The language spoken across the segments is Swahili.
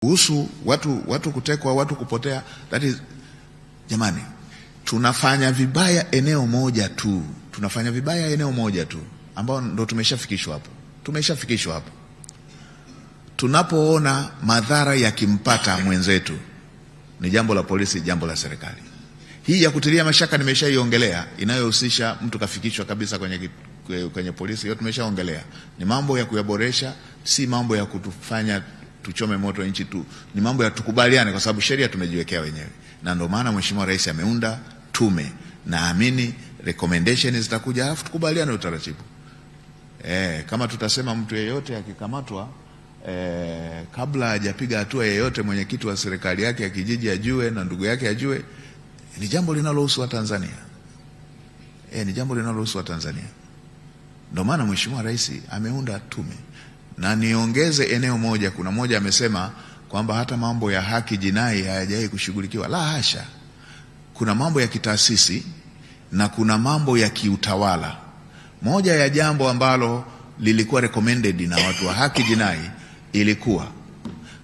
Kuhusu watu, watu kutekwa, watu kupotea, that is, jamani, tunafanya vibaya eneo moja tu, tunafanya vibaya eneo moja tu, ambao ndo tumeshafikishwa hapo, tumeshafikishwa hapo. Tunapoona madhara yakimpata mwenzetu, ni jambo la polisi, jambo la serikali. Hii ya kutilia mashaka nimeshaiongelea, inayohusisha mtu kafikishwa kabisa kwenye, kwenye polisi, hiyo tumeshaongelea. Ni mambo ya kuyaboresha, si mambo ya kutufanya tuchome moto nchi tu, ni mambo ya tukubaliane, kwa sababu sheria tumejiwekea wenyewe, na ndio maana Mheshimiwa Rais ameunda tume. Naamini recommendation zitakuja, alafu tukubaliane utaratibu e, kama tutasema mtu yeyote akikamatwa e, kabla hajapiga hatua yeyote mwenyekiti wa serikali yake ya kijiji ajue na ndugu yake ajue, ni jambo linalohusu Watanzania e, ni jambo linalohusu Watanzania. Ndio maana Mheshimiwa Rais ameunda tume na niongeze eneo moja. Kuna moja amesema kwamba hata mambo ya haki jinai hayajai kushughulikiwa. La hasha, kuna mambo ya kitaasisi na kuna mambo ya kiutawala. Moja ya jambo ambalo lilikuwa recommended na watu wa haki jinai ilikuwa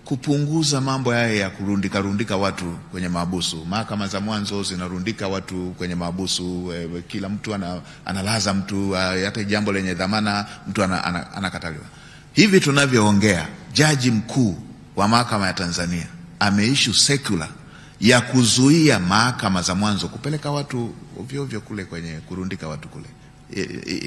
kupunguza mambo haya ya kurundika rundika watu kwenye maabusu. Mahakama za mwanzo zinarundika watu kwenye maabusu, eh, kila mtu ana, analaza mtu, eh, hata jambo lenye dhamana mtu anakataliwa ana, ana Hivi tunavyoongea, jaji mkuu wa mahakama ya Tanzania ameishu sekula ya kuzuia mahakama za mwanzo kupeleka watu ovyo ovyo kule kwenye kurundika watu kule. E, e, e,